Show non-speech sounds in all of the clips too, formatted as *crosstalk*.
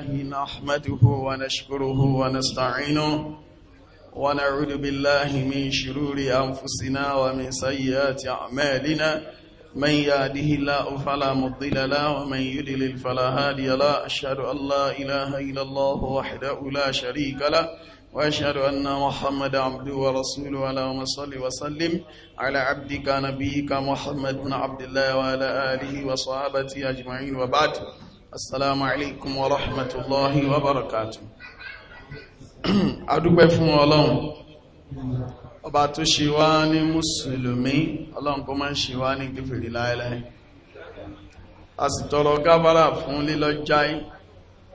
نحمده ونشكره ونستعينه ونعوذ بالله من شرور أنفسنا ومن سيئات أعمالنا من يهده الله فلا مضل له ومن يضلل فلا هادي له أشهد أن لا إله إلا الله وحده لا شريك له وأشهد أن محمد عبده ورسوله اللهم صل وسلم على عبدك نبيك محمد بن عبد الله وعلى آله وصحابته أجمعين وبعد السلام عليكم ورحمة الله وبركاته adúpẹ́ fún ọlọ́run ọba tó ṣe wá ní mùsùlùmí ọlọ́run kó má ṣe wá ní kèfèrí láíláí a sì tọrọ gábárà fún lílọ́jáì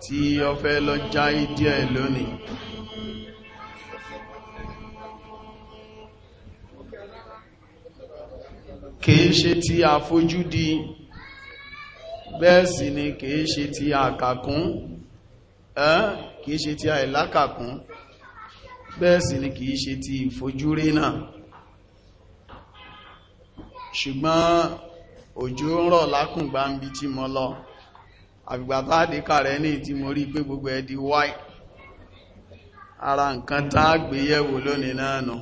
tí ó fẹ́ lọ́jáì díẹ̀ lónìí kìí ṣe tí a fojú di bẹ́ẹ̀ sì ni kìí ṣe ti àkàkún kìí ṣe ti àìlákàkún bẹ́ẹ̀ sì ni kìí ṣe ti ìfojúrí náà ṣùgbọ́n òjò ń rọ̀ lákùngbà ń bí tí mo lọ àgbàbá àdíkà rẹ̀ ní tí mo rí pé gbogbo ẹ̀dí wáì ara nǹkan tá a gbé yẹ̀wò lónìí náà nù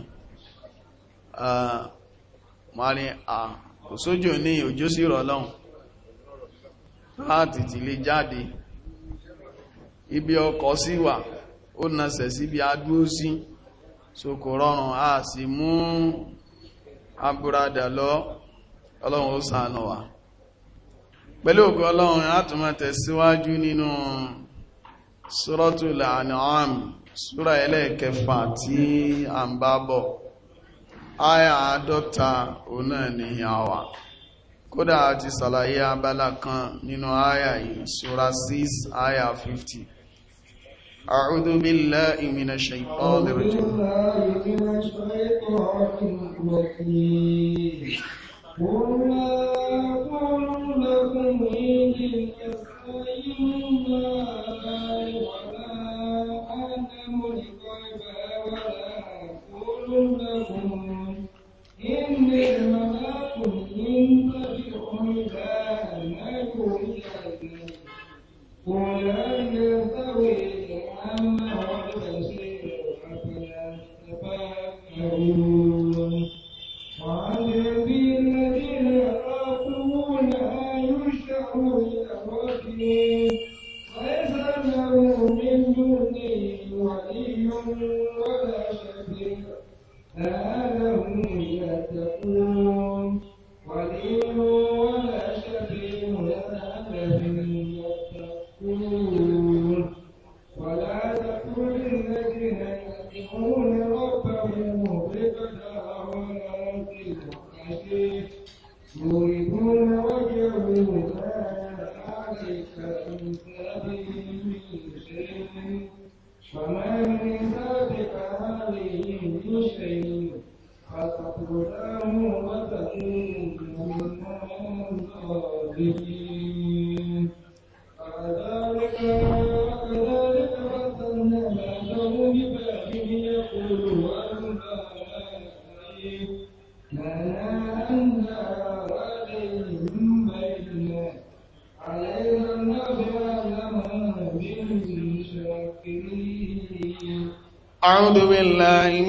mọ́rin à ní òjò sí rọ̀ lọ́hùn láti ti lè jáde ibi ọkọ̀ sí wà ó nasẹ̀ ibi adúró sí so kò rọrùn a sì mú aburada lọ ọlọ́run ó ṣàánú wa pẹ̀lú ògo ọlọ́run siwaju tẹ̀síwájú nínú Suratul An'am súra ẹlẹ́ẹ̀kẹfà tí a ń bá bọ̀ áyà àádọ́ta òun náà ni àwà. kódà àti sàlàyé abala kan nínú àyà yìí ṣúra 6 àyà 50 أعوذ بالله من الشيطان الرجيم قل لكم إن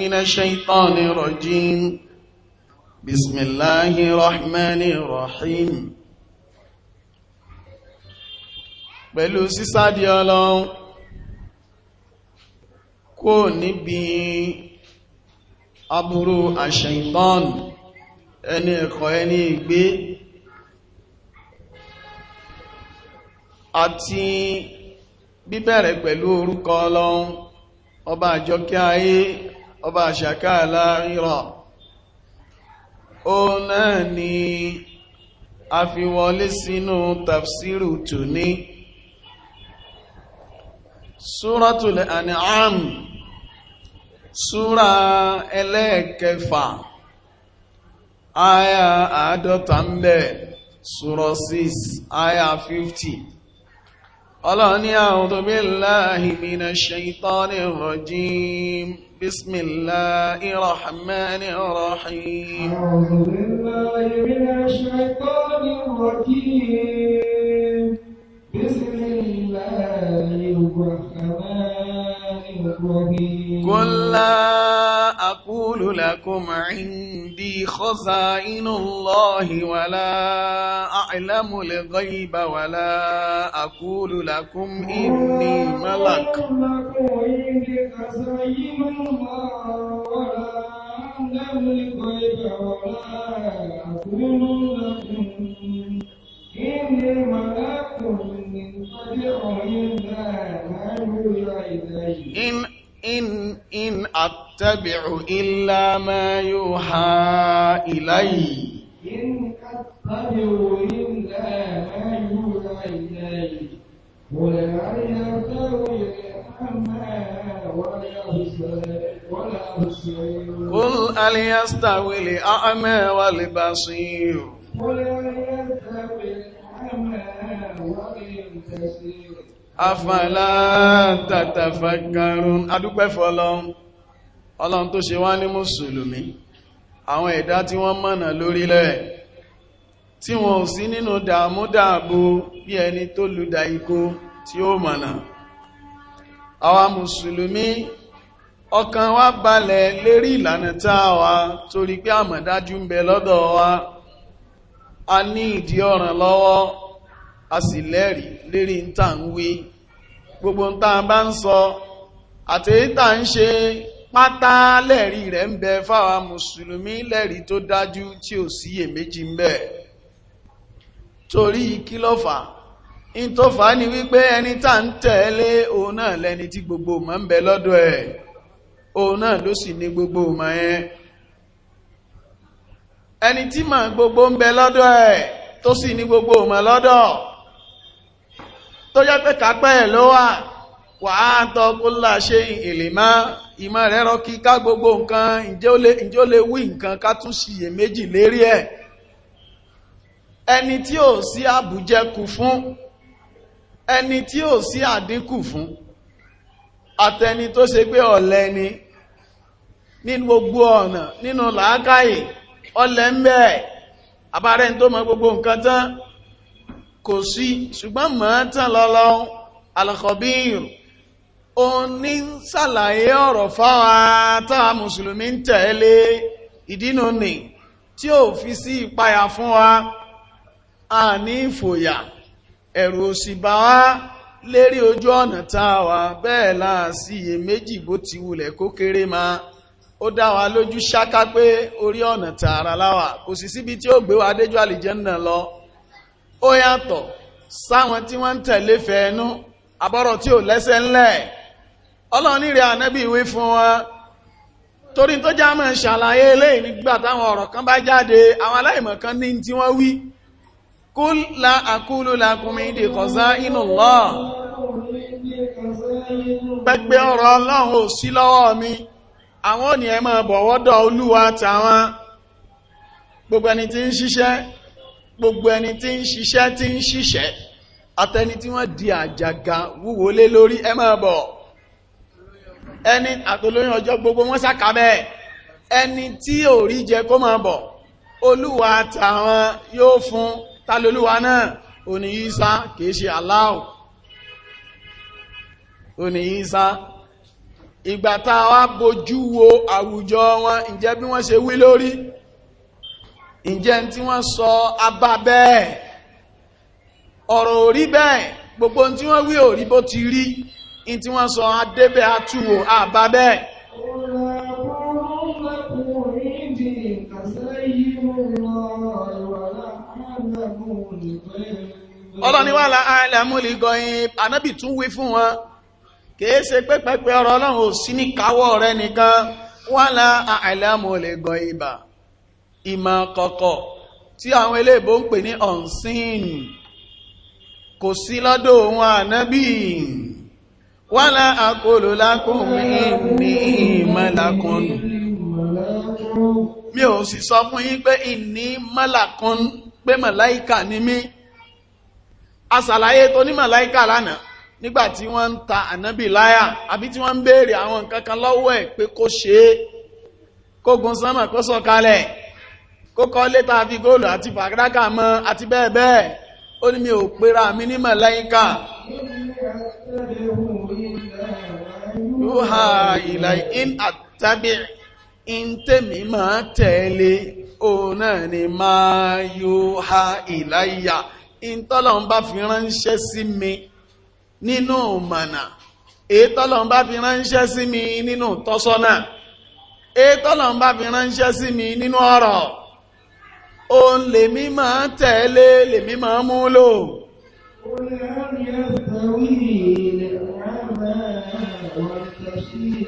من الشيطان الرجيم بسم الله الرحمن الرحيم pẹ̀lú sísádi ọlọ́run kò níbi aburú àṣẹ̀ìtàn ẹni ẹ̀kọ́ ẹni ìgbé àti bíbẹ̀rẹ̀ pẹ̀lú orúkọ ọlọ́run ọba àjọkẹ́ ayé ọba àṣàká aláàrírọ̀ ó náà ni a fi wọlé sínú tafsiru tòní súratul an'am súra ẹlẹ́ẹ̀kẹfà aya àádọ́ta ń bẹ súra 6 aya 50 ọlọ́run ní a'udhu billahi minash shaitanir rajim bismillahir rahmanir rahim a'udhu billahi minash shaitanir rajim bismillahir rahmanir rahim أقول لكم عندي خزائن الله ولا أعلم الغيب ولا أقول لكم إني ملك إني ملك من أتبع إلا ما يوحى إلي إن أتبع إلا ما يوحى إلي ولا يرتوي الأعمى ولا البصير قل هل يستوي الأعمى والبصير قل هل يستوي الأعمى والبصير أفلا تتفكرون أدوك فلان ọlọ́run tó ṣe wá ní mùsùlùmí àwọn ẹ̀dá tí wọ́n mọ̀nà lórílẹ̀ tí wọn ò sí nínú dààmú dààbò bí ẹni tó lùdà ikó tí ó mọ̀nà àwa mùsùlùmí ọkàn wa balẹ̀ lérí ìlànà tá a wà torí pé àmọ̀dájú ń bẹ lọ́dọ̀ wa a ní ìdí ọ̀ràn lọ́wọ́ a sì lẹ́rìí lérí ń tà ń wí gbogbo ń tà bá ń sọ àtèyí tà ń ṣe pátá lẹ́rí rẹ̀ ń bẹ fáwa mùsùlùmí lẹ́rí tó dájú tí ò síyèméjì ń bẹ torí kí ló fà in tó fà ní wípé ẹni tá ń tẹ̀lé òun náà lẹni tí gbogbo ọmọ ń bẹ lọ́dọ̀ ẹ̀ òun náà ló sì ní gbogbo ọmọ yẹn ẹni tí mà gbogbo ń bẹ lọ́dọ̀ ẹ̀ tó sì ní gbogbo ọmọ lọ́dọ̀ tó jẹ́ pé kápẹ́ ẹ̀ ló wà wà á tọ́ kó là ṣe ìlèmá ìmọ̀ rẹ̀ rọ kí ká gbogbo nǹkan ǹjẹ́ ó lè wí nǹkan ká tún ṣiyèméjì lérí ẹ̀ ẹni tí ò sí àbùjẹkù fún ẹni tí ò sí àdínkù fún àtẹni tó ṣe pé ọ̀lẹ ni nínú gbogbo ọ̀nà nínú làákàyè ọ̀lẹ ń bẹ àbárẹ́ tó mọ gbogbo nǹkan tán kò sí ṣùgbọ́n mọ̀ tán lọ́lọ́ alkhobir òní ń ṣàlàyé ọ̀rọ̀ fáwọn táwa mùsùlùmí ń tẹ̀lé ìdínú nì tí ò fi sí ìpayà fún wa a ní ìfòyà ẹ̀rù òsì bá wa lérí ojú ọ̀nà táwa bẹ́ẹ̀ láà sí iye méjì bó ti wulẹ̀ kó kéré máa ó dá wa lójú ṣáká pé orí ọ̀nà tààrà láwà kò sì síbi tí ó gbé wa déjú àlìjẹ́nà lọ ó yàtọ̀ sáwọn tí wọ́n ń tẹ̀lé fẹ́ẹ́nú abọ́rọ̀ tí ò lẹ́sẹ̀ ńlẹ̀ ọlọ́run ní rẹ̀ ànábì wí fún wọn torí tó já mọ́ ṣàlàyé eléyìí nígbà táwọn ọ̀rọ̀ kan bá jáde àwọn aláìmọ̀ kan ní tí wọ́n wí kul la aqulu lakum indi khaza'inullah pẹ́gbẹ́ ọ̀rọ̀ ọlọ́run ò sí lọ́wọ́ mi àwọn òní ẹ máa bọ̀wọ́dọ̀ olúwa tàwọn gbogbo ẹni tí ń ṣiṣẹ́ gbogbo ẹni tí ń ṣiṣẹ́ tí ń ṣiṣẹ́ àtẹni tí wọ́n di àjàgà wúwo lé lórí ẹ bọ̀ ẹni àtolóyìn ọjọ́ gbogbo wọ́n sáka bẹ́ẹ̀ ẹni tí ò rí jẹ kó máa bọ̀ olúwa tàwọn yóò fún tálólúwa náà òní Ìsá kìí ṣe aláwọ̀ òní Ìsá ìgbà tá a wá bojú wo àwùjọ wọn ǹjẹ́ bí wọ́n ṣe wí lórí ǹjẹ́ tí wọ́n sọ abá bẹ́ẹ̀ ọ̀rọ̀ ò bẹ́ẹ̀ gbogbo tí wọ́n wí ò bó ti rí in tí wọ́n sọ adébẹ̀ àtúwò àbá bẹ́ẹ̀ ọlọ́ni wà lá àìlàmúlì gọ̀yìn ànábì tún wí fún wọn kìí ṣe pé pẹ́pẹ́ ọ̀rọ̀ ọlọ́run ò sí ní káwọ́ rẹ nìkan wà lá àìlàmúlì gọ̀yìn ibà ìmọ̀ kọ̀kọ̀ tí àwọn eléèbó ń pè ní unseen kò sí lọ́dọ̀ òun ànábì Wala àkólò lákùnrin ni ìmọ̀lákùn mi ò sì sọ fún yín pé ìní mọ́làkùn pé màláìkà ni mí asàlàyé tó ní màláìkà lánàá nígbàtí wọ́n ta anabi laya àbí tí wọ́n ń béèrè àwọn nǹkan kan lọ́wọ́ ẹ̀ pé ko ṣe é kó gun sánmà kó sọ̀kalẹ̀ kó kọ́ létà àfi góòlù àti fàdákà mọ́ àti ó ní mi ò pera mi ní màláíkà yóò ìlà in àtàbí in tèmi máa tẹ̀lé òun náà ni máa yóò ha ìláyà in bá fi ránṣẹ́ sí mi nínú mọ̀nà èyí tọ́lọ́run bá fi ránṣẹ́ sí mi nínú tọ́sọ́nà èyí tọ́lọ́run bá fi ránṣẹ́ sí mi nínú ọ̀rọ̀ òun lèmi máa tẹ̀lé lèmi máa mú lò.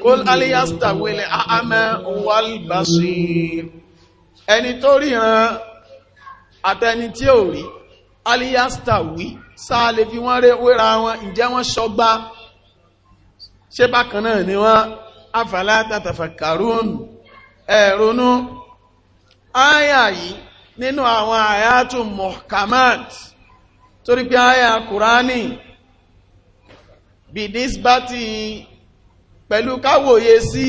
Kul aliyastawil a'ama wal basir. Ẹni tó ríran àtẹni tí ò rí, aliyastawi, sáà lè fi wọ́n wéra wọn, ǹjẹ́ wọ́n ṣọgbá? Ṣé bákan náà ni wọ́n afala tatafakkarun ẹ̀rọnú. Áyà yìí nínú àwọn àyàtù muhkamat torí pé àyà kùránì bidis bá ti pẹ̀lú káwòye sí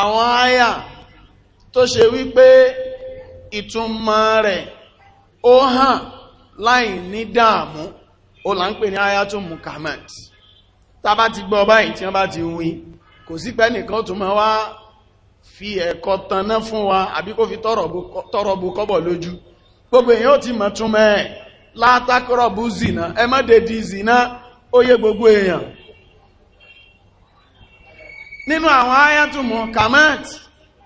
àwọn àyà tó ṣe wípé ìtumọ̀ rẹ̀ ó hàn láì ní dààmú ó là ń pè ní àyàtù muhkamat tá gbọ́ báyìí tí wọ́n bá ti wí kò sí pé ẹnìkan tún máa wá fi ẹ̀kọ́ tanná fún wa àbí kó fi tọ́rọ̀ bu kọ́bọ̀ lójú gbogbo èèyàn ti mọ̀ túnmọ̀ ẹ̀ látàkọ́rọ̀ bu zìnà ẹ má dédi zìnà ó yé gbogbo èèyàn nínú àwọn ayatumọ̀ kamat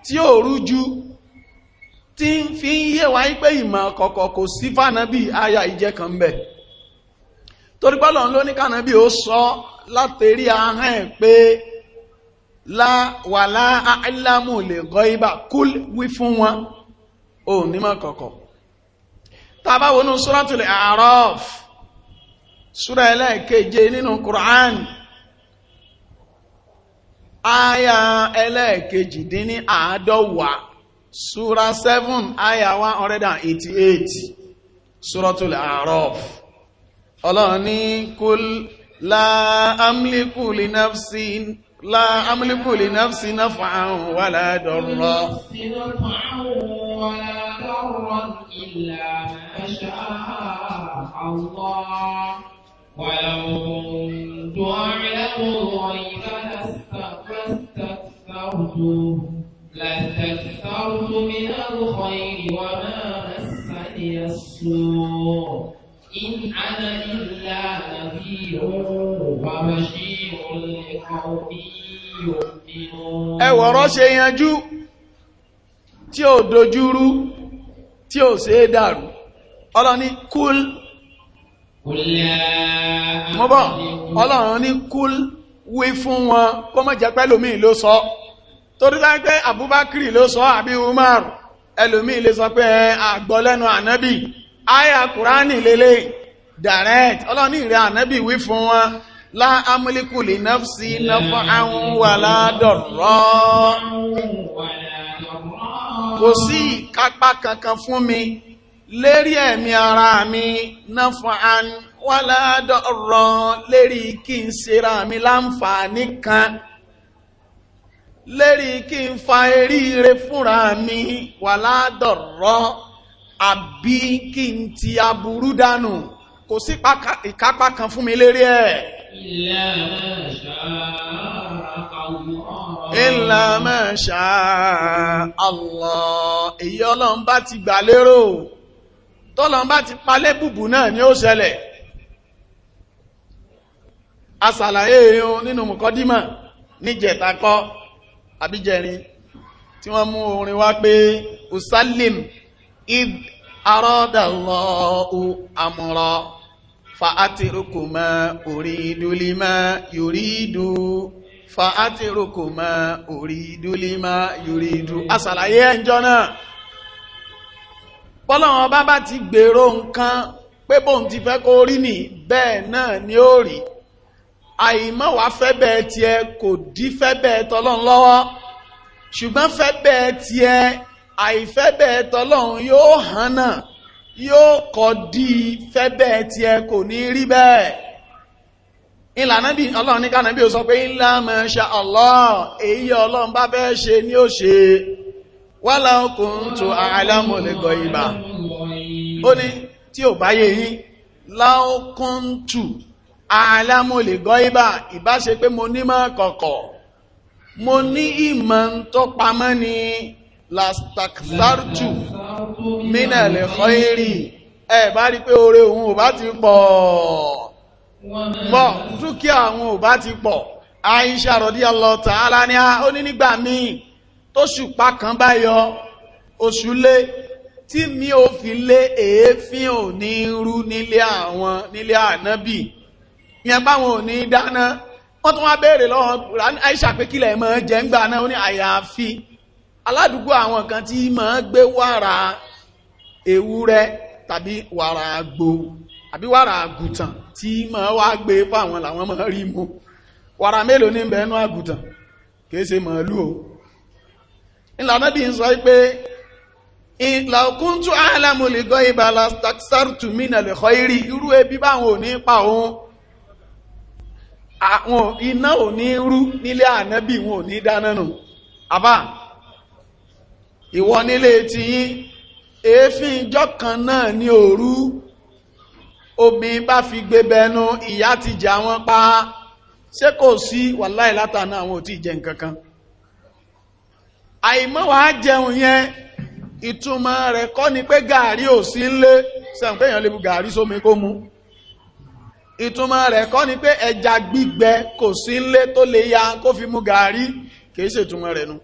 tí ó rújú tí ń fi ń yé wa pé ìmọ̀ kọ̀kọ̀ kò sí fánàbí aya ìjẹ́ kan bẹ̀ torípọ́lọ̀ ló ní kánàbí ó sọ látẹ̀rí ahẹ́ pé wà láàáìlámù lè gọ́ ibà kúl wí fún wọn o nímọ̀ kọ̀kọ̀ tàbá wọnú suratul A'raf súra ẹlẹ́ẹ̀keje nínú Qur'an aya ẹlẹ́ẹ̀kejì dín ní àádọ́wà súra 7 aya 188 suratul A'raf ọlọ́run ní kúl láàámlíkù lè náfsí لا أملك لنفسي نفعا ولا ضرا إلا أشاء الله ولو كنت أعلم الغيب لاستكثرت من الخير وما مسني السوء إن أنا إلا نذير وبشير لقوم يؤمنون ẹ wọ̀rọ̀ ṣe yanjú tí ò dojúrú tí ò ṣe é dàrú ọlọ́ni kúl mọ́bọ̀ ọlọ́run ní kúl wí fún wọn kó mọ́ jẹ́ pẹ́lòmí ló sọ torí láti pé Abubakar ló sọ àbí Umar ẹlòmí lè sọ pé àgbọ́lẹ́nu ànábì àyà kùránì lélẹ̀ direct ọlọ́ni ìrẹ́ ànábì wí fún wọn láàmúlíkù lè náfsí náfọ́ àwọn wà ládọ̀rọ̀ kò sí ìkápá kankan fún mi lérí ẹ̀mí ara mi náfọ́ àwọn wà ládọ̀rọ̀ lérí kí n ṣera mi láǹfààní kan lérí kí n fa eríire fúnra mi wà ládọ̀rọ̀ àbí kí n ti aburú dànù kò sí ìkápá kan fún mi lérí ẹ̀. Ìlà mẹ́ṣà Allah èyí ọlọ́run ti gbà lérò tọ́lọ́run bá ti palẹ́ bùbù náà ni ó ṣẹlẹ̀. Asàlàyé èèyàn nínú mùkọ́dímà níjẹ̀ta kọ́ àbíjẹrin tí wọ́n mú orin wá pé Usalim id arọ́dàlọ́ọ̀ amúrọ̀ fa'atirukuma orídúlímà yorídú fa'atirukuma orídúlímà yorídú asàlàyé ẹjọ́ náà bọ́lọ̀wọ́n bá bá ti gbèrò nǹkan pé bóun ti fẹ́ kó rí ni bẹ́ẹ̀ náà ni ó rí àìmọ́ wá fẹ́bẹ̀ tiẹ̀ kò dí fẹ́bẹ̀ tọ́lọ́n lọ́wọ́ ṣùgbọ́n fẹ́bẹ̀ tiẹ̀ àìfẹ́ bẹ́ẹ̀ tọ́lọ́run yóò hànà yóò kọ́ di fẹ́ bẹ́ẹ̀ tí ẹ kò ní rí bẹ́ẹ̀ ìlànà bí ọlọ́run ní kánàbí ó sọ pé ńlá máa ṣe Allah èyí ọlọ́run bá fẹ́ ṣe ní ó ṣe wálá okùn tó àìlámọ̀lẹ́gọ̀ ìbà ó ní tí ò báyé yín láókùn tù àìlámọ̀lẹ́gọ̀ ìbà ìbá ṣe pé mo ní kọ̀kọ̀ mo ní ìmọ̀ tó pamọ́ ni lastakfartu mínàlẹ̀ kọ́ìrì ẹ bá rí pé oore òun ò bá ti pọ̀ mọ́ dúkìá òun ò bá ti pọ̀ Aisha radiyallahu ta'ala ní a ó ní nígbà míì tó ṣùpá kan bá yọ oṣù lé tí mi ò fi lé èéfín ò ní rú nílé àwọn nílé ànábì yẹn báwọn ò dáná wọ́n tún wá béèrè lọ́wọ́ Aisha pé kílẹ̀ mọ́ jẹ́ ń gbà náà ó ní àyàfi aládùúgbò àwọn kan tí máa gbé wàrà ewúrẹ́ tàbí wàrà àgbò àbí wàrà àgùtàn tí máa wá gbé fáwọn làwọn máa rí mu wàrà mélòó ní bẹ̀ẹ́nú àgùtàn kìí ṣe màálù o ìlànà bí n sọ pé ìlàkúntù alámúlẹ̀gọ́ ìbàlá sàrtù mínà irí irú ebi báwọn ò ní pa òun àwọn iná ò ní rú nílé ànábì wọn ò ní dáná nù àbá ìwọ nílé ti yín èéfín ìjọ kan náà ní òru obìnrin bá fi gbé bẹnu ìyá ti jà wọ́n pa ṣé kò sí wàláì látàná àwọn ò tí ì jẹ nǹkan kan àìmọ́ wàá jẹun yẹn ìtumọ̀ rẹ̀ kọ́ ni pé gàárì ò sí ńlé sẹ́wọ̀n péyàn lè bu gàárì sómi kó mu ìtumọ̀ rẹ̀ kọ́ ni pé ẹja gbígbẹ kò sí ńlé tó lè ya kó fi mu gàárì kìí ṣètumọ̀ rẹ̀ nu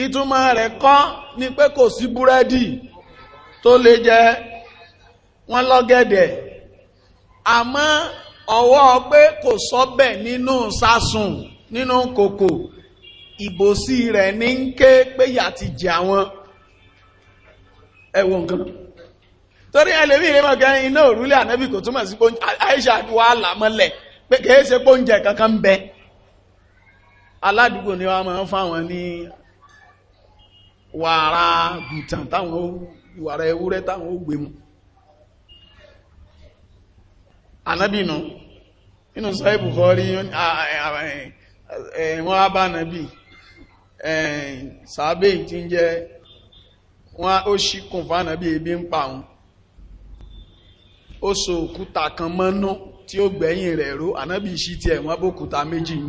ìtumọ̀ rẹ̀ kọ́ ni pé kò sí búrẹ́dì tó lè jẹ wọn lọ́gẹ̀dẹ̀ àmọ́ ọwọ́ pé kò sọ́bẹ̀ nínú sásùn nínú kòkò ìbòsí rẹ̀ ní ń ké péyà ti jẹ àwọn ẹ̀wọ̀n nǹkan torí ẹlẹ́mí ìrìnmọ̀ gẹ́rin iná òrùlé ànábì kò sí Aisha wà lámọ́lẹ̀ pé kìí ṣe póúnjẹ kankan ń bẹ aládùúgbò ni wọ́n máa ń wàrà gùtàn táwọn wàrà ewúrẹ́ táwọn ó gbé mu anábìnà nínú sọ́yí Bukhari wọ́n á bá nàbí sàábé tí ń jẹ́ wọ́n ó ṣíkùn fánàbí ebi ń pa o so òkúta kan mọ́nú tí ó gbẹ̀yìn rẹ̀ ró ànábì ti méjì ń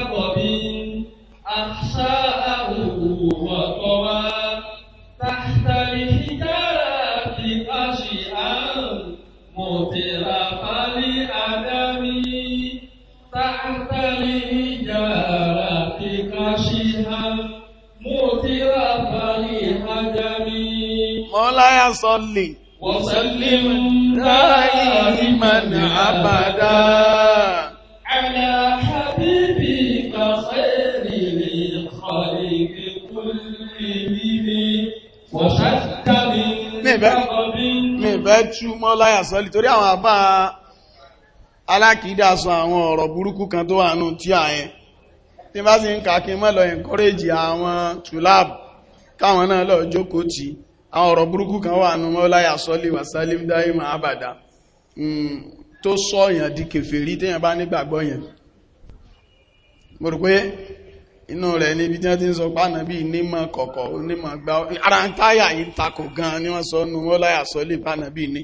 وجميل مولاي صلي وسلم دائما أبدا على حبيبك خير الخلق كلهم mẹ́bẹ́ tú mọ́ láyà sọ́lì torí àwọn àbá alákìídà sọ àwọn ọ̀rọ̀ burúkú kan tó wà nù tí àyẹn tí bá sì ń kàkí mọ́ lọ àwọn tùláàbù káwọn náà lọ jókòó tí àwọn ọ̀rọ̀ burúkú kan wà nù sọ́lì wà hmm, tó sọ́yàn di kèfèrí bá nígbàgbọ́ inú rẹ̀ tí wọ́n ti ń sọ pá nàbí nímọ̀ kọ̀kọ̀ onímọ̀ gbá ara ń gan ni wọ́n sọ nù mọ́láyà sọ́lì bá nàbí ní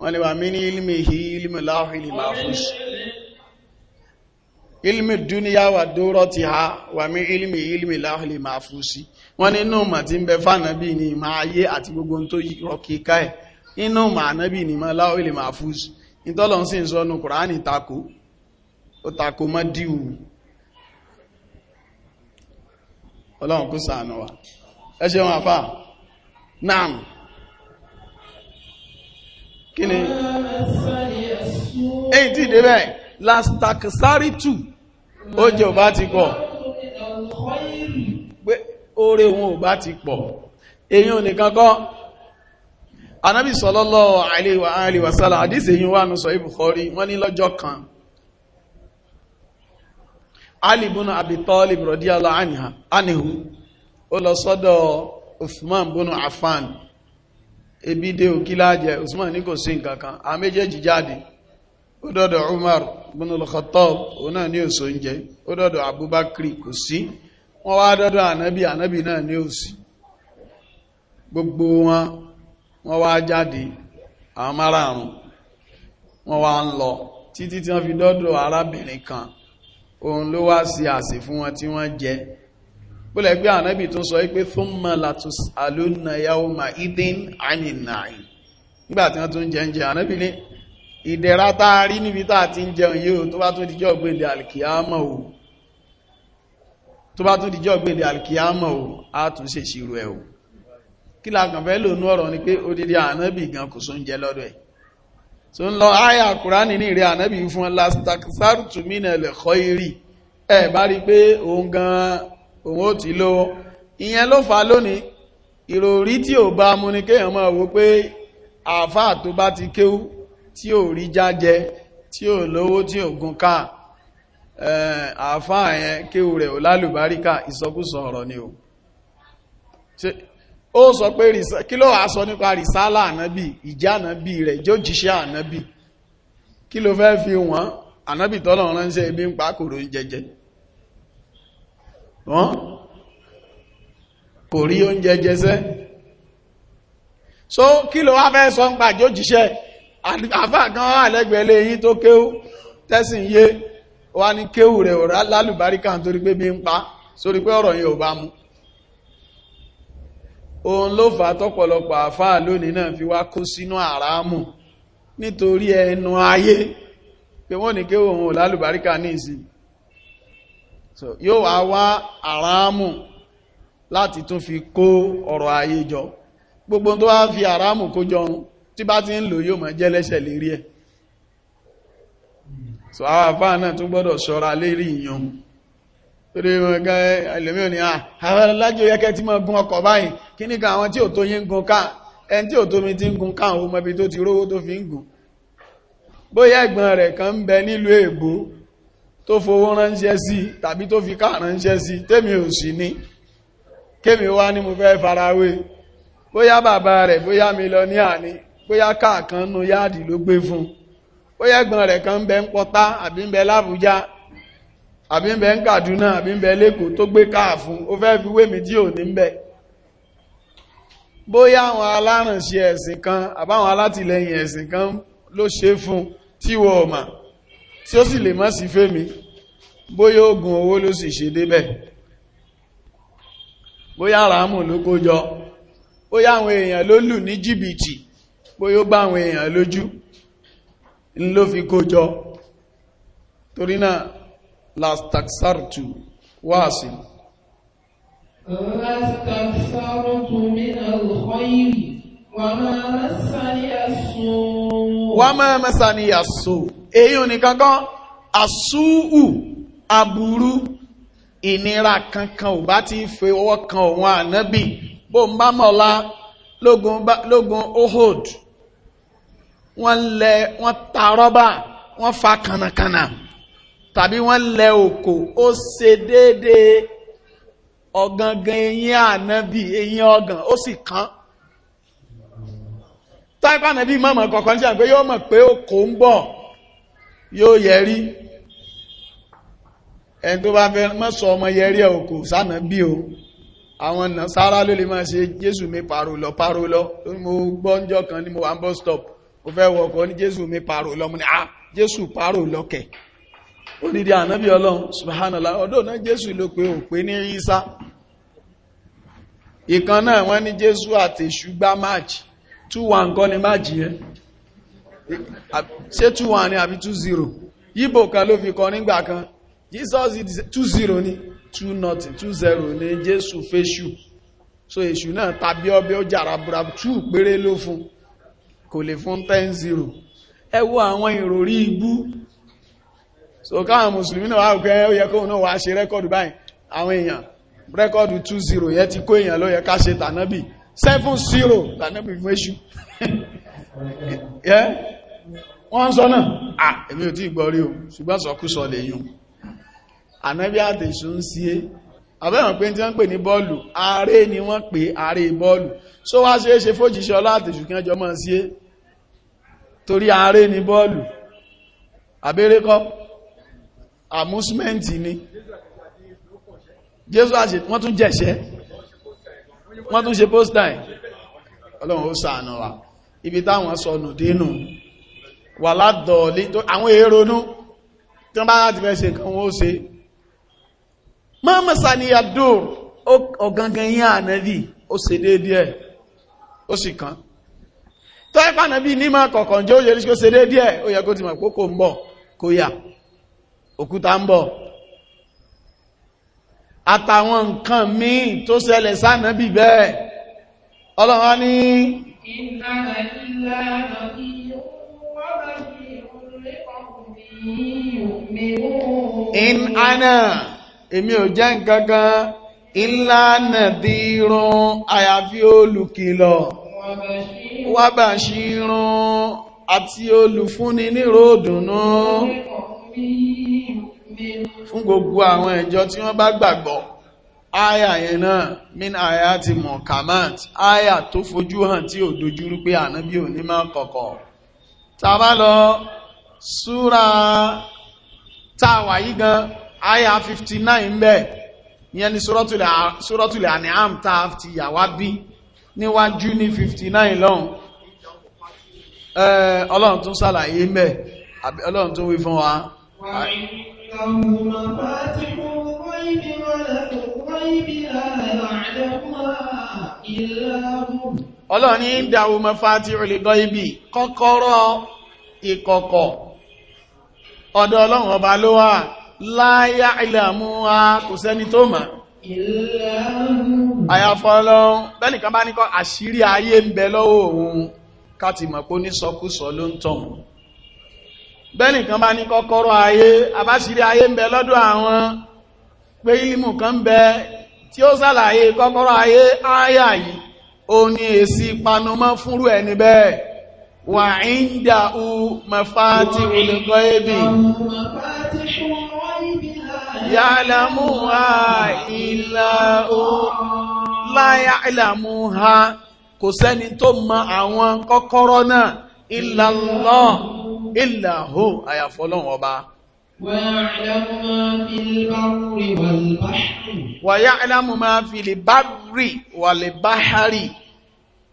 wọ́n lè wà mí ní ilmi hi ilmi láhùn ti ha wà mí ilmi ilmi láhùn ilmi wọ́n nínú mọ̀ tí ń bẹ fánàbí ni ìmọ̀ ayé àti gbogbo tó yíkọ kíká ẹ̀ inú mọ̀ ànábì ni mọ̀ láwọ́ ilẹ̀ máa fúz nítọ́lọ̀ sí ìsọ́nù kùránì takò ó takò mọ́ díù ọlọ́run kó ṣàánú wa ẹ ṣe wọn àfà naam kí ni èyí tí ìdébẹ̀ lastakisaritu ó jẹ́ ò ti kọ̀ oore òun ò bá ti pọ̀ èyàn nìkan kọ́ anábì sallallahu alaihi wa alihi wa sallam àdísì èyàn wà ní sọ kan Ali ibn Abi Talib radiyallahu anhu ó lọ sọ́dọ̀ Uthman ibn Affan ebi dé òkí láàjẹ́ Uthman ní kò sí nǹkankan a méjèèjì jáde ó dọ́dọ̀ Umar ibn al-Khattab nje náà ní òsò oúnjẹ ó Abubakar kò sí wọ́n wá dọ́dọ̀ ànábì ànábì náà ní òsì gbogbo wọn wọ́n wá jáde àwọn márààrún wọ́n wá ń lọ títí tí wọ́n fi dọ́dọ̀ arábìnrin kan òun ló wá sí àsè fún wọn tí wọ́n jẹ bólẹ̀ pé ànábì tó sọ wípé thumma latus'alunna yawma idin 'anin na'im nígbàtí wọ́n tún jẹ ń jẹ ànábì ní ìdẹ̀ra rí níbi tá a ti ń jẹun yìí tó bá tún dijọ́ gbèdé àlìkìyàmọ̀ òun tó bá tún dìjọ́ gbèdè alkiyama o a tún ṣe ṣírò ẹ̀ o kí lákàn fẹ́ lò ní ọ̀rọ̀ ni pé ó dédé ànábì gan kò sún jẹ lọ́dọ̀ ẹ̀ tó ń lọ àyà kùránì ní ìrẹ́ ànábì fún ọlá sárùtù mínà lẹ̀kọ́ irì ẹ̀ bá rí pé òun gan òun ó ti lówó ìyẹn ló fà lónìí ìròrí tí ò bá mú ni kéèyàn máa wo pé àáfàá tó bá ti kéwú tí ò rí jájẹ tí ò lówó tí ò gun káà àfáà yẹn kéwù rẹ̀ ò lálùbáríkà ìsọkúsọ ọ̀rọ̀ ni o ó sọ pé kí ló wàá sọ nípa rìsálà ànábì ìjà ànábì rẹ̀ jójíṣẹ́ ànábì kí ló fẹ́ fi wọ́n ànábì tọ́lọ̀ ránṣẹ́ ibi ń pa jẹjẹ wọ́n kò rí oúnjẹ jẹsẹ́ so kí ló wá fẹ́ sọ ń pa jójíṣẹ́ àfáà kan wà lẹ́gbẹ̀ẹ́ lẹ́yìn tó kéwú tẹ́sìn yé wá ní kéwù rẹ̀ ọ̀rá lálùbáríkà nítorí pé bí ń pa sórí pé ọ̀rọ̀ yẹn ò bá mu òun ló fà tọ́pọ̀lọpọ̀ àfáà lónìí náà fi wá kó sínú àràámù nítorí ẹnu ayé pé wọ́n ní kéwù òun lálùbáríkà ní ìsìn so yóò wá wá àràámù láti tún fi kó ọ̀rọ̀ ayé jọ gbogbo tó wá fi àràámù kó jọ tí bá ti ń lò yóò mọ̀ jẹ́lẹ́sẹ̀ lérí ẹ̀ so àwọn àfáà náà tún gbọ́dọ̀ ṣọ́ra lérí ìyàn torí wọn gan ẹlẹ́mí ò ní àwọn alájò yẹ́kẹ́ tí máa gun ọkọ̀ báyìí kí ní ka àwọn tí ò tó yín gun ká ẹni tí ò tó mi ti ń gun káwọn ọmọ ibi tó ti rówó tó fi ń gùn bóyá ẹ̀gbọ́n rẹ̀ kan ń bẹ nílùú ègbó tó fowó ránṣẹ́ sí tàbí tó fi ká ránṣẹ́ sí tèmi ò sí ní kémi wá ní mo fẹ́ farawé bóyá bàbá rẹ̀ bóyá mílíọ̀níà ni bóyá káàkan nú yáàdì ló gbé fún un ó yẹ́gbọ́n rẹ̀ kan ń bẹ ń pọta àbí ń bẹ lábújá àbí ń bẹ ń kàdúnà àbí ń bẹ lẹ́kọ̀ọ́ tó gbé káà fún ó fẹ́ fi wé mi tí ò ní ń bẹ bóyá àwọn alárànṣe ẹ̀sìn kan àbáwọn alátìlẹyìn ẹ̀sìn kan ló ṣe fún tí wọ́n ọ̀mà tí ó sì lè má sí fẹ́mi bóyá oògùn owó ló sì ṣe débẹ̀ bóyá ràámù ló kójọ bóyá àwọn èèyàn ló lù ní jìbìtì bóyá ó gbá àwọn èèyàn lójú ló fi kójọ torí náà lastaxartu wáàsí lastaxartu min alkhairi wà máa mẹ́sà ní àṣò èyí ò ní kankan àṣúù aburú ìnira kankan ò bá ti fe ọwọ́ kan òun ànábì bó ń bá mọ́lá lógun Uhud wọ́n lẹ wọ́n ta rọ́bà wọ́n fa kànàkànà tàbí wọ́n lẹ òkò ó ṣe déédéé ọ̀gangan eyín ànábì eyín ọ̀gàn ó sì kán táìpá ànábì mọ̀mọ́ kọ̀ọ̀kan sí àgbẹ̀ yóò mọ̀ pé òkò ń bọ̀ yóò yẹrí ẹni tó bá fẹ́ mọ́sọ ọmọ yẹrí ẹ̀ òkò sànábì o àwọn náà sára ló lè máa ṣe jésù mi pàrọ̀ lọ pàrọ̀ lọ mo gbọ́ ń jọ́ kan ní mo wà ń bọ́ stop ó fẹ́ wọkọ̀ ní jésù mi pààrò lọ́mọ ni ah jésù pààrò lọ́kẹ̀ odidi ànábì ọlọ́run subhanallah ọdún náà jésù ló pé òpé ní ìsá ìkan náà wọ́n ní jésù àti ṣùgbá máàjì 2-1 kọ́ ni máàjì yẹn ṣé 2-1 ni àbí 2-0 yíbò kan ló fi kọ nígbà kan jesus 2-0 ni 2-0 2-0 ni jésù fẹ́ṣù so èṣù náà tàbí ọbẹ̀ ó jàrà búra 2 péré ló fún un kò lè fún 10-0 ẹ wo àwọn ìròrí ibú so káwọn mùsùlùmí náà wà gẹ́ ó yẹ kóhun náà wà ṣe rẹ́kọ̀dù báyìí àwọn èèyàn rẹ́kọ̀dù 2-0 yẹ ti kó èèyàn ló yẹ ká ṣe tànábì 7-0 tànábì fún èṣù *laughs* wọ́n sọ náà à èmi ò tí gbọ́rí o ṣùgbọ́n sọkúsọ lè yùn ànábí àtẹ̀sùn sí é àbẹ́wọ̀n pé tí wọ́n pè ní bọ́ọ̀lù ààrẹ ni wọ́n pè ààrẹ bọ́ọ̀lù só wá ṣe é ṣe fójíṣẹ́ ọlátẹ̀ṣù kí ẹjọ́ mọ́ sí é torí ààrẹ ni bọ́ọ̀lù abẹ́rẹ́ kọ́ àmúsmẹ́ntì ni jésù àṣẹ wọ́n tún jẹ̀ṣẹ́ wọ́n tún ṣe postain ọlọ́run ó ṣàánú wa ibi táwọn sọnù dínú wà ládọ̀ọ̀lé àwọn èrònú tí wọ́n bá láti fẹ́ ṣe nǹkan wọ́n ó ṣe mọ́mọ́sà ọ̀gangan yín ànẹ́bì ó ṣe déédéé ó sì kan tó ẹ́pà náà bí nímọ̀ kọ̀kan jẹ́ ó yẹ kó ṣe dédé ẹ̀ ó yẹ kó ti mọ̀ kókò ń bọ̀ kó yà òkúta ń bọ̀ àtàwọn nǹkan míì tó ṣẹlẹ̀ sáànà bí bẹ́ẹ̀ ọlọ́wọ́ ní in ana èmi ò jẹ́ nǹkan kan illa nadhirun àyàfi olùkìlọ̀ wa bashirun àti olùfúnni nírò òdùnnú fún gbogbo àwọn ìjọ tí wọ́n bá gbàgbọ́ aya yẹn náà min aya ti muhkamat aya tó fojú hàn tí ò dojúrú pé ànábí ò ní máa kọ̀kọ̀ tàbá lọ súra táwà yí gan aya 59 bẹ́ẹ̀ ìyẹn ni suratul An'am tá ti yà wá bí níwájú ní 59 lọ́hùn ọlọ́run tún sàlàyé mẹ́ ọlọ́run tún wí fún wa ọlọ́run ní ìdáwò mọ́fàtí olùgọ́ ibi kọ́kọ́rọ́ ìkọ̀kọ̀ ọ̀dọ̀ ọlọ́run ọba ló wà láyá ìlàmúwa kò sẹ́ni tó mọ̀ àyàfọ́lọ́ bẹ́nìkan bá níkọ́ àṣírí ayé ń bẹ lọ́wọ́ òun káti mọ̀ pé ní sọkúsọ ló ń tọ̀hún bẹ́nìkan bá ní kọ́kọ́rọ́ ayé àbáṣírí ayé ń bẹ lọ́dọ̀ àwọn pé ilmù kan bẹ tí ó sàlàyé kọ́kọ́rọ́ ayé áyà yìí ó ní èsì panumọ́ fúnrú ẹni bẹ́ẹ̀ wà ń dà ú mẹ́fà tí olùkọ́ ebì yàlàmúhà ìlà ó láyàlàmúhà kò sẹ́ni tó mọ àwọn kọ́kọ́rọ́ náà ìlà lọ ìlà hó àyàfọ́lọ́wọ́ ọba wàyàlámù máa fi lè bá rí wà lè bá hárì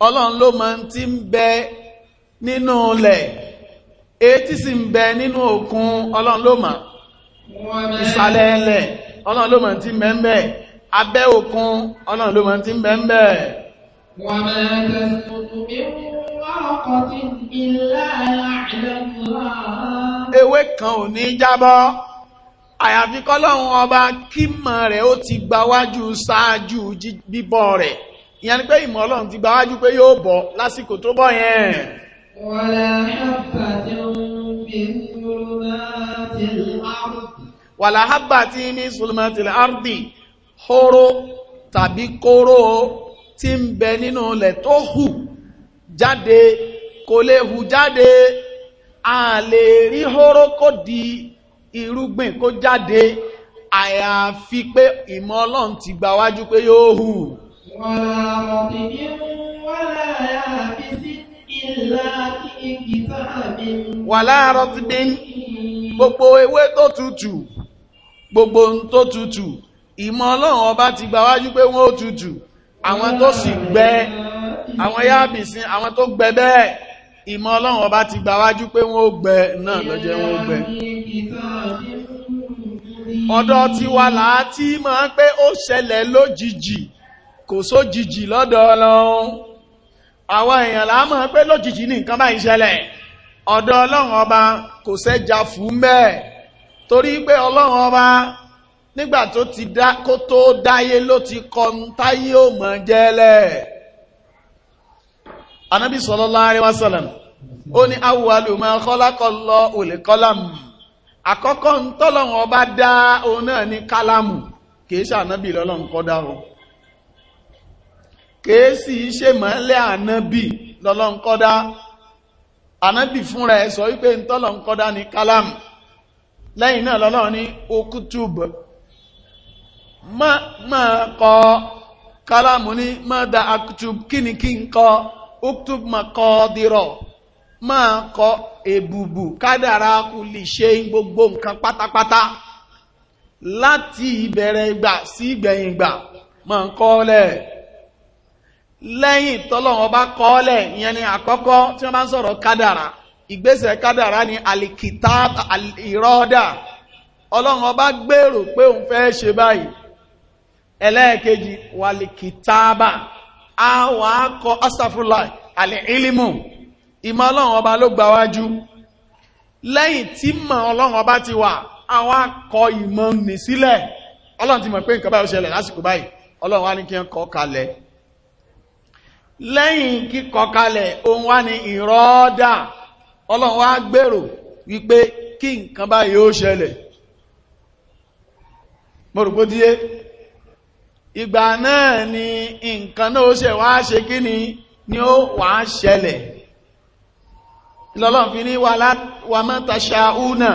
ọlọ́run ló máa ti ń bẹ nínú ilẹ̀ èyí tí sì ń bẹ nínú òkun ọlọ́run ló máa ìsàlẹ̀ ẹlẹ̀ ọlọ́run ló mọ̀ tí mẹ́mẹ́ abẹ́ òkun ọlọ́run ló mọ̀ tí mẹ́mẹ́ ewé kan ò ní jábọ́ àyàfi kọ́lọ́run ọba kí mọ̀ rẹ̀ ó ti gbawájú ṣáájú bíbọ́ rẹ̀ ìyẹn ni pé ìmọ̀ ọlọ́run ti gbawájú pé yóò bọ̀ lásìkò tó bọ̀ yẹn. wọ́n lẹ́ wàláhábà tí ní sulmatil ardi horo tàbí kóró tí ń bẹ nínú ilẹ̀ tó hù jáde kò lè hù jáde a lè rí horo kó di irúgbìn kó jáde àyàfi pé ìmọ̀ ọlọ́run ti gbà wájú pé yóò hù wàlá rọtibin gbogbo ewé tó tutù gbogbo ohun tó tutù ìmọ̀ ọlọ́run ọba ti gbà wájú pé wọ́n ó tutù àwọn tó sì gbẹ àwọn yáàbìsín àwọn tó gbẹ bẹ́ẹ̀ ìmọ̀ ọlọ́run ọba ti gbà wájú pé wọ́n ó gbẹ náà lọ́jẹ́ wọ́n ó gbẹ ọ̀dọ̀ ti wà láti máa pé ó ṣẹlẹ̀ lójijì kò sójijì lọ́dọ̀ ọlọ́run àwọn èèyàn là máa pé lójijì ní nǹkan báyìí ṣẹlẹ̀ ọ̀dọ̀ ọlọ́run ọba kò sẹ́jà fún mẹ́ẹ̀ torí pé ọlọ́run ọba nígbà tó ti dá kó tó dáyé ló ti kọ táyé ò jẹ́lẹ̀ anábì sallallahu alaihi wasallam ó ní awwalu ma khalaqallahu al-qalam àkọ́kọ́ ń tọ́lọ́run ọba dá òun náà ní kálámù kìí ṣànábì lọ́lọ́run kọ́ dá o kìí sì ṣe mọ́lẹ̀ ànábì lọ́lọ́run kọ́ dá ànábì fúnra ẹ̀ sọ wípé ń tọ́lọ́run kọ́ dá ní kálámù lẹ́yìn náà lọ́lọ́ ní okútùb ma kọ kálámù ní ma da akútùb kí ni kí n kọ okútùb ma kọ dìrọ̀ ma kọ èbùbù kádàrá kú lè ṣe gbogbo nǹkan pátápátá láti ìbẹ̀rẹ̀ ìgbà sí ìgbẹ̀yìn ìgbà ma ń kọ́ọ́lẹ̀ lẹ́yìn tọ́lọ́wọ́ bá kọ́ọ́lẹ̀ ìyẹn ni àkọ́kọ́ tí wọ́n bá ń sọ̀rọ̀ kádàrá ìgbésẹ̀ kádàrá ni alìkìtà ìrọ́dà ọlọ́run ọba gbèrò pé òun fẹ́ ṣe báyìí ẹlẹ́ẹ̀kejì wàlìkìtàbà a wà á kọ ọ́sàfúlà àlẹ́ ìlímù ìmọ̀ ọlọ́run ọba ló gba wájú lẹ́yìn tí mọ̀ ọlọ́run ọba ti wà a wá kọ ìmọ̀ nì sílẹ̀ ọlọ́run ti mọ̀ pé nǹkan báyìí ó ṣẹlẹ̀ lásìkò báyìí ọlọ́run wá ní kí n kọ kalẹ̀ lẹ́yìn kíkọ kalẹ̀ òun wá ní ìrọ́dà ọlọ́run wá gbèrò wípé kí nǹkan báyìí ó ṣẹlẹ̀ mọ̀rùgbódíyé ìgbà náà ni nǹkan náà ó ṣe wá ṣe kí ni ni ó wà ṣẹlẹ̀ ìlọ́lọ́run fi ní wà mọ́ta ṣàúnà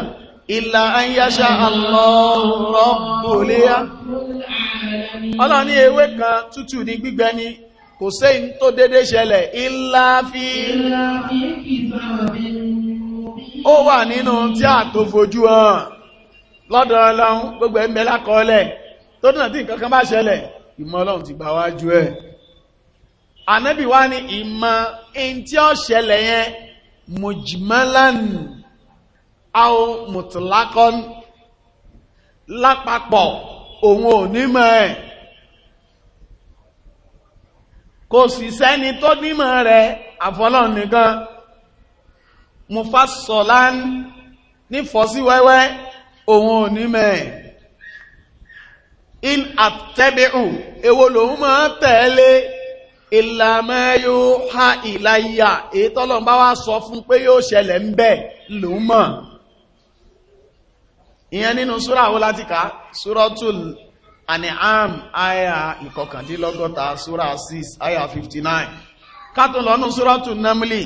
ìlà ayáṣà ọlọ́rọ̀ ọlọ́run ní ewé kan tútù ní gbígbẹ ni kò sẹ́yìn tó dédé ṣẹlẹ̀ ilá fi ó wà nínú tí a tó fojú hàn lọ́dọ̀ ọlọ́run gbogbo ẹ̀mẹ́ lákọọ́lẹ̀ tó dínà tí nǹkan kan bá ṣẹlẹ̀ ìmọ̀ ọlọ́run ti gbà wájú ẹ̀ ànábì wá ní ìmọ̀ in tí ó ṣẹlẹ̀ yẹn mujmalan aw mutlaqan lápapọ̀ òun ò ní mọ̀ ẹ̀ kò sì sẹ́ni tó nímọ̀ rẹ̀ àfọlọ́run nìkan mufasọ̀lán nífọ̀sí wẹ́wẹ́ òun ò ní mẹ́ in àtẹ́bíhù èwo lòun máa tẹ̀lé ìlàmẹ́yò ha ìlàyà èyí tọ́lọ́run bá wá sọ fún pé yóò ṣẹlẹ̀ ń bẹ̀ lòun mọ̀ ìyẹn nínú súra wo láti kà súratul An'am àyà ìkọkàndínlọ́gọ́ta súra 6 àyà 59 kátó lọ́nù súrọ́tù Namli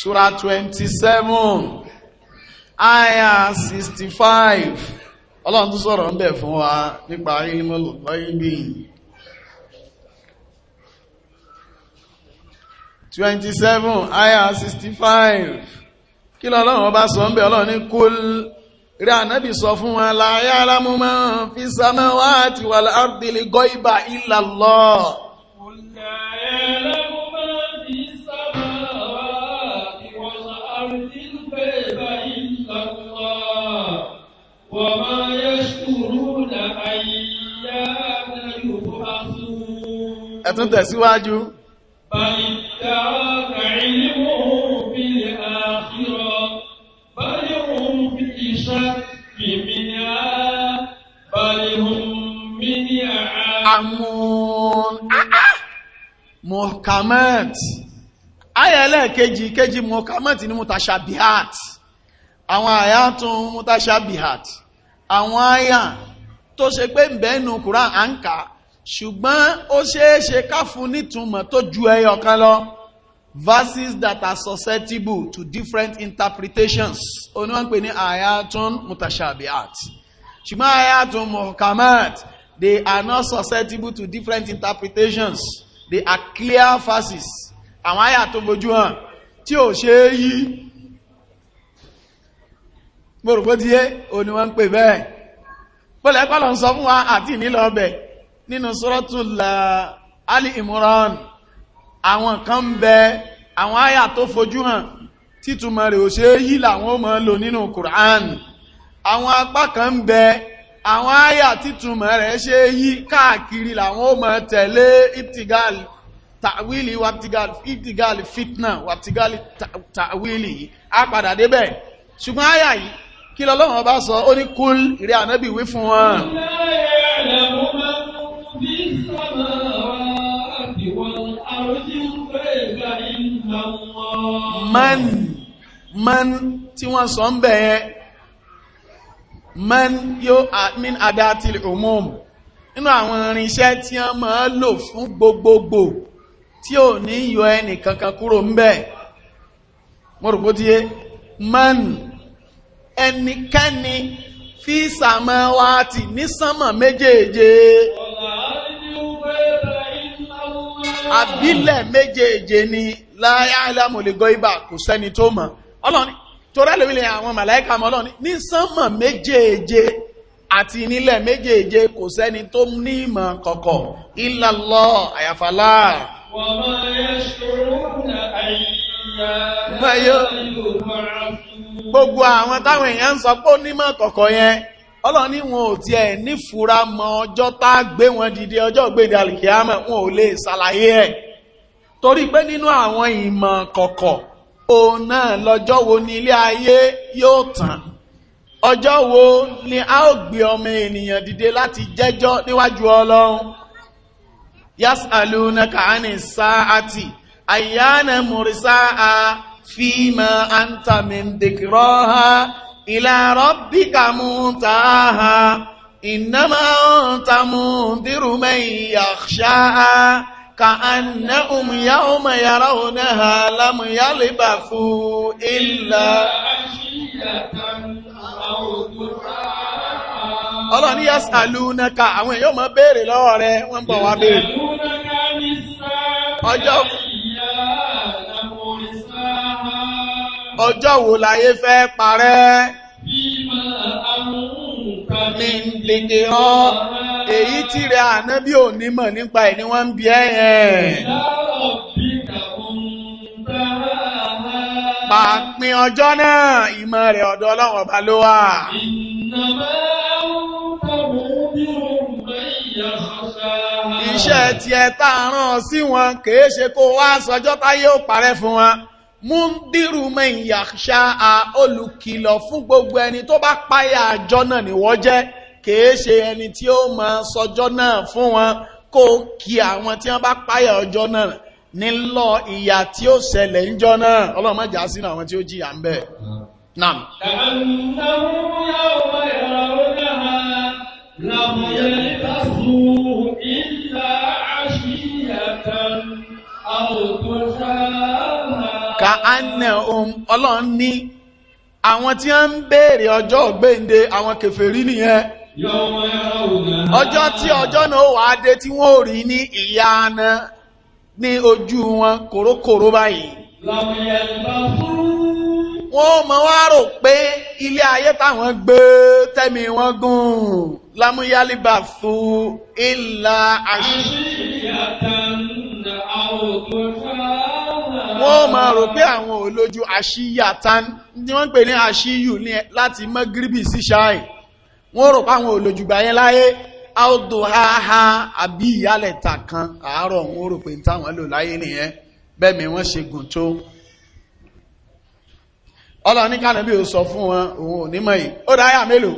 sura twenty seven 27 sixty five ọlọ́run tó sọ̀rọ̀ ń bẹ̀ fún wa nípa ìmọ̀lọ́gbọ́ ibi 27 àyà 65 kí lọ́lọ́run ọba sọ ń bẹ̀ ọlọ́run ní kúlù rí ànábì sọ fún wọn láyé alámúmọ́ fi sámá wá àti wà láàrùdílé gọ́ ìbà ìlà lọ. Ẹ̀tún tẹ̀síwájú. Bàìdá ọkà ìlú muhkamun muhkamat ayẹlẹ kejì kejì muhkamat ni mutashabihat àwọn àyà tún mutashabihat àwọn àyà tó ṣe pé bẹ́ẹ̀nu kùrán à ń kà ṣùgbọ́n ó ṣeéṣe ká fún nítumọ̀ tó ju ẹyọ kan lọ verses that are susceptible to different interpretations oníwọ̀n pè ní àyàtún mutashabihat ṣùgbọ́n àyàtún muhkamat They are not susceptible to different interpretations. They are clear verses. Àwọn àyà tó bojú hàn tí ò ṣe é yí. Gbòrògbò ti yé, o ni wọ́n ń pè bẹ́ẹ̀. Pẹ̀lẹ́ pẹ̀lọ́ ń sọ fún wa àti ìnílọ ọbẹ̀ nínú Suratul uh, Ali Imran. Àwọn kan ń bẹ àwọn àyà tó fojú hàn títúmọ̀ rẹ̀ ò ṣe é yí làwọn ó mọ̀ lò nínú Kùránì. Àwọn apá kan bẹ àwọn àyà títúmọ̀ rẹ̀ ṣe yí káàkiri làwọn ó máa tẹ̀lé iptigal tàwílì waptigal iptigal fitna waptigal tàwílì yìí á padà débẹ̀ ṣùgbọ́n àyà yìí kí lọ́lọ́wọ́n bá sọ ó ní kúl ìrẹ́ ànábì wí fún wọn. man man tí wọ́n sọ ń bẹ̀ yẹn man yo min adatil umum nínú àwọn irinṣẹ́ tí wọ́n máa lò fún gbogbogbò tí ò ní yọ ẹnì kankan kúrò ń bẹ̀ mọ́rùkú tí yé man ẹnikẹ́ni fi samawati ní sánmà méjèèje àbílẹ̀ méjèèje ni la ya'lamu le goiba kò sẹ́ni tó mọ̀ ọlọ́ni torí ẹlòmí lè àwọn màláìka mọ́ lọ́ni ní sánmọ̀ méjèèje àti nílẹ̀ méjèèje kò sẹ́ni tó ní ìmọ̀ kọ̀kọ̀ illallah àyàfàlá gbogbo àwọn táwọn èèyàn ń sọ pé ó nímọ̀ kọ̀kọ̀ yẹn ọlọ́ni wọn ò tiẹ̀ nífura mọ ọjọ́ tá a gbé wọn dìde ọjọ́ gbèdé alìkíyàmọ̀ wọn ò lè ṣàlàyé ẹ̀ torí pé nínú àwọn ìmọ̀ kọ̀kọ̀ òun náà lọ́jọ́ wo ni ilé ayé yóò tàn ọjọ́ wo ni a ó gbé ọmọ ènìyàn dìde láti jẹ́jọ́ níwájú ọlọ́run yas aluna kaani saati ayana murisaa fima anta min dikroha ila rabbika muntaha innama anta mundiru man yakhshaa كأنهم يوم يرونها ya يلبثوا إلا ọlọ́run ní yẹ́sì àlùnàkà àwọn èèyàn máa béèrè lọ́wọ́ rẹ wọ́n ń bọ̀ wá béèrè ọjọ́ wo láyé fẹ́ parẹ́ mi ọ́. èyí tí rẹ̀ ànábì ò ní mọ̀ nípa ẹ̀ ni wọ́n ń bi ẹ́ yẹn. pàpín ọjọ́ náà ìmọ̀ rẹ̀ ọ̀dọ̀ ọlọ́run ọba ló wà. iṣẹ́ tiẹ̀ tá a rán sí wọn kìí ṣe kó wá sọjọ́ táyé ó parẹ́ fún wọn múndírù mẹ́yìn yàṣá olùkìlọ̀ fún gbogbo ẹni tó bá páyà àjọ náà ni wọ́n jẹ́ kèé ṣe ẹni tí ó ma sọjọ́ náà fún wọn kó kí àwọn tí wọ́n bá páyà ọjọ́ náà nílọ ìyà tí ó ṣẹlẹ̀ ńjọ́ náà ọlọ́run má jà sínú àwọn tí ó jìyà ń bẹ̀. nam. ka anna um ọlọ́run ní àwọn tí wọ́n ń béèrè ọjọ́ ọ̀gbẹ́ǹde àwọn kèfèrí nìyẹn ọjọ́ tí ọjọ́ náà wà á dé tí wọ́n ò rí ní ìyá aná ní ojú wọn kòrókòró báyìí wọ́n mọ̀ wá rò pé ilé ayé táwọn gbé tẹ́mi wọn gùn lámúyálíbà fún ìlà àṣíyàtàn wọ́n mọ̀ rò pé àwọn olójú àṣíyàtàn ni wọ́n pè ní àṣíyù láti mọ́ gíríbì sí ṣáì wọ́n rò páwọn olójúgbà yẹn láyé áódò háhá àbí ìyálẹ̀ta kan àárọ̀ wọ́n rò pé táwọn lò láyé nìyẹn bẹ́ẹ̀mí wọ́n ṣe gùn tó ọlọ́ni kánàbí ò sọ fún wọn òun ò nímọ̀ yìí ó dáyà mélòó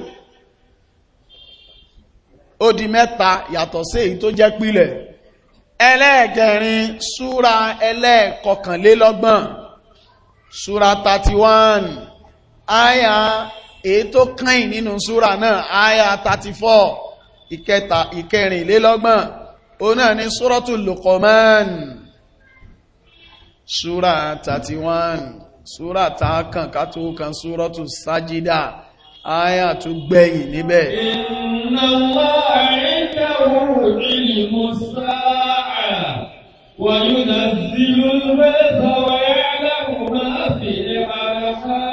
ó di mẹ́ta yàtọ̀ sí èyí tó jẹ́ pílẹ̀ ẹlẹ́ẹ̀kẹrin súra ẹlẹ́ẹ̀kọkànlélọ́gbọ̀n súra 31 àyà èyí tó kàn nínú súra náà àyà 34 ìkẹta ìkẹrìnlélọ́gbọ̀n òun náà ni súrọ́tù Luqman súra 31 súra tààkàn kátó kan súrọ́tù sájídà àyà tó gbẹ̀yìn níbẹ̀ Inna Allaha indahu ilmu sa'a wa yunazzilu al-ghaytha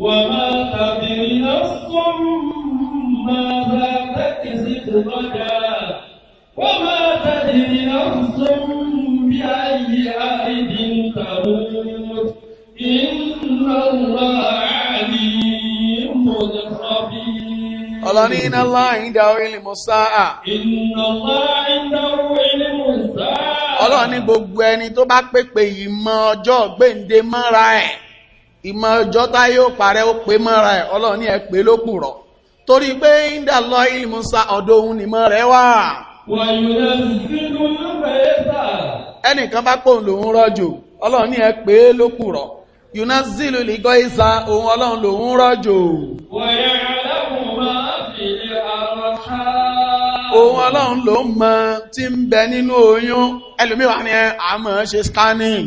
وما تدري نفس ماذا تكسب غدا وما تدري نفس بأي أرض تموت إن الله عليم خبير ọlọ́ni iná láàyè ìdáwó ìlìmọ̀ sáà. iná láàyè ìdáwó ìlìmọ̀ sáà. ọlọ́ni gbogbo ẹni tó bá pèpè yìí mọ ọjọ́ gbèǹde mọ́ra ẹ̀. ìmọ̀ ọjọ́ tá yóò parẹ́ ó pé mọ́ra ẹ̀ ọlọ́ọ̀ni ẹ̀ pé ló pùrọ̀ torí pé ìdá lọ ìlmùsà ọ̀dọ̀ òun nìmọ̀ rẹ̀ wà. ẹnìkan bá pòun lòun ẹ̀ pé ló pùrọ̀ òun ọlọ́run lòun máa fi àrọ̀ òun ọlọ́run ló mọ ń bẹ nínú oyún ni àmọ́ ṣe scanning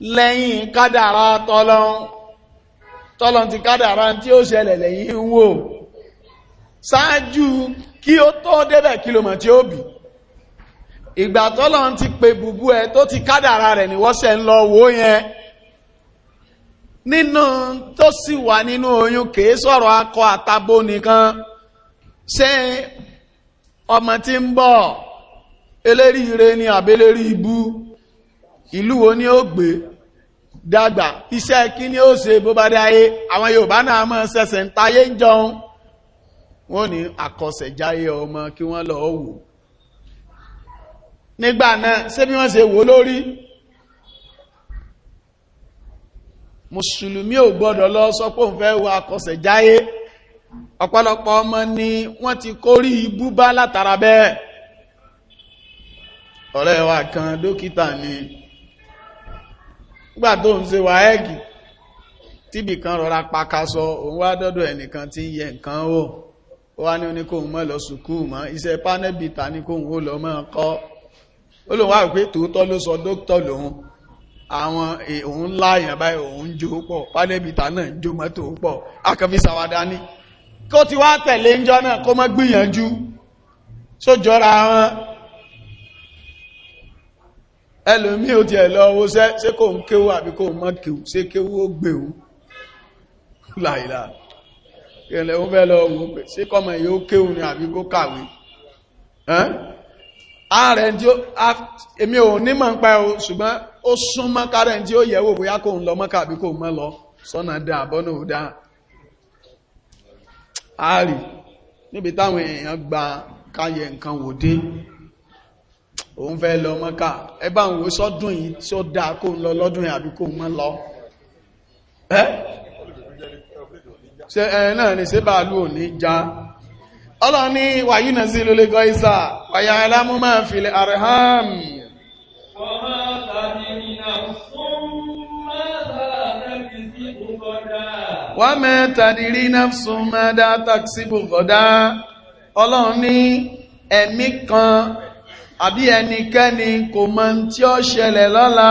lẹ́yìn kádàrá tọ́lọ́n tọ́lọ́n ti kádàrá tí ó ṣẹlẹ̀ lẹ́yìn ń wò ṣáájú kí ó tó débẹ̀ kí tí ó bì ìgbà tọ́lọ́n ti pe bùbú ẹ tó ti kádàrá rẹ̀ ní wọ́sẹ̀ ń lọ wò yẹn nínú tó sì wà nínú oyún kìí sọ̀rọ̀ akọ àtabo nìkan ṣé ọmọ tí ń bọ̀ eléríire ni àbẹ́lérí ibú ìlú wo ni ó gbé dàgbà iṣẹ́ kí ni ó ṣe bó bá dáyé àwọn yorùbá náà mọ́ ṣẹ̀ṣẹ̀ ń tayé ń jọun wọ́n ní àkọsẹ̀jáyé ọmọ kí wọ́n lọ wò nígbà náà ṣé bí wọ́n ṣe wò lórí mùsùlùmí ò gbọ́dọ̀ lọ sọ pé òun fẹ́ wo àkọsẹ̀jáyé ọ̀pọ̀lọpọ̀ ọmọ ni wọ́n ti kórí ibú bá látara bẹ́ẹ̀ ọ̀rẹ́ wa kan dókítà ni gbà tó ń ṣe wà ẹ́gì tíbì kan rọra pakasọ òun wá dọ́dọ̀ ẹnìkan tí ń yẹ nǹkan ó wá ní oníkóhun mọ́ lọ sùkúù mọ́ iṣẹ́ pánẹ́bìtà ní kóhun ó lọ mọ́ kọ́ ó lòun wá pé tòótọ́ ló sọ dókítọ̀ lòun àwọn e, òun láàyàn báyìí òun jó pọ̀ pánẹ́bìtà náà jó mọ́tò pọ̀ akọfí sàwádà ní kó ti wá tẹ̀lé ńjọ́ náà kó mọ́ gbìyànjú sójọra wọn ẹlòmí ò ti ẹ̀lọ owó ṣe kò ń kéwú àbí kò mọ́ ó láìlá ó bẹ́ẹ̀ lọ èyí ó ni àbí kó kàwé ààrẹ tí ó èmi ò ní mọ̀ ń pa ṣùgbọ́n ó tí lọ mọ́ kàbí kò mọ́ lọ sọ́nà dá dá ààrì níbi táwọn èèyàn gba nǹkan òun fẹ́ lọ mọ́ká ẹbá òun wo sọ́dún yìí tí ó dáa kó ń lọ lọ́dún yìí àbí kó mọ́ lọ ẹ́ ṣe ẹ̀rẹ̀ náà ni ṣe bá lú òní já ọlọ́ni wàyí náà sí lólé gọ́ ìsà wàyà alámú máa fi lè arham wọ́n mẹ́tàdìrí náà sún mẹ́dá taksíbù gọ́dá ọlọ́ni ẹ̀mí kan àbí ẹnikẹ́ni kò mọ̀ tí ó ṣẹlẹ̀ lọ́la.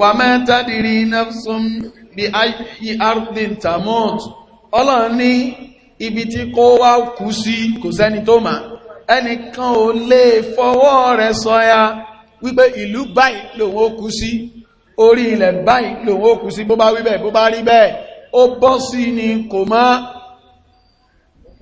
wà mẹ́ta dìrì nafsun bí ayé ardin tamut ọlọ́run ní ibi tí kó wá kú sí kò sẹ́ni tó mà ẹnìkan ò lè fọwọ́ rẹ̀ sọya wípé ìlú báyìí lòun ó kú sí orí ilẹ̀ báyìí lòun ó kú sí bó bá wí bẹ́ẹ̀ bó bá rí bẹ́ẹ̀ ó bọ́ sí ni kò máa